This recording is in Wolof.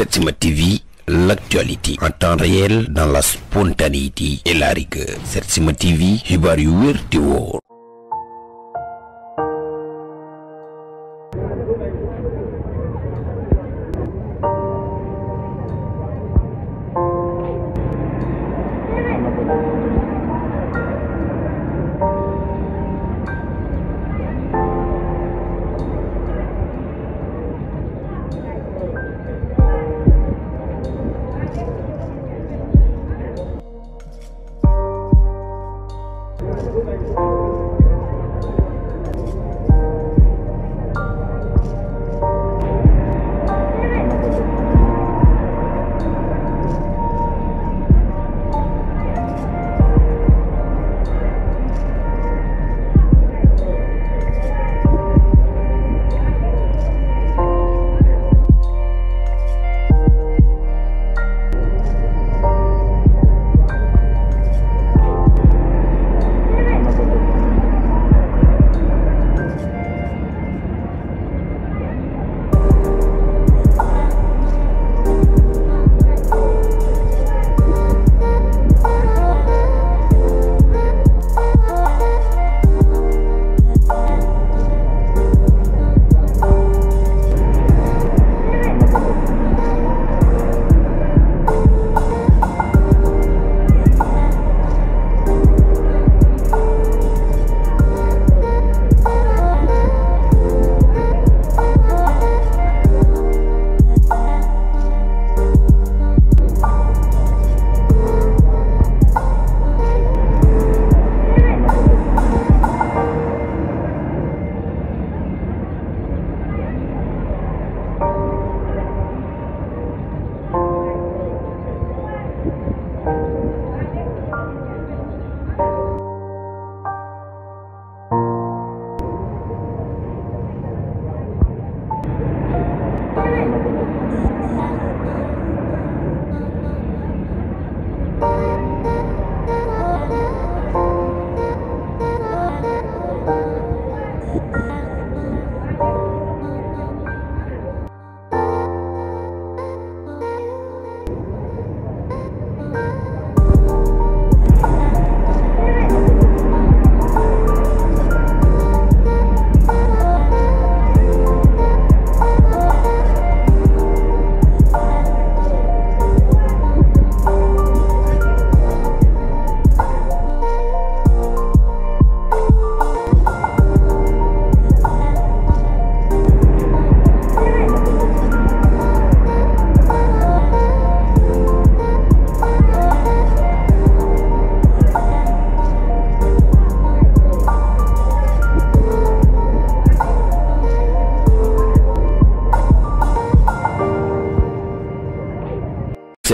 Setsima TV l'actualité en dans la spontanéité et la rigueur Setsima yu wér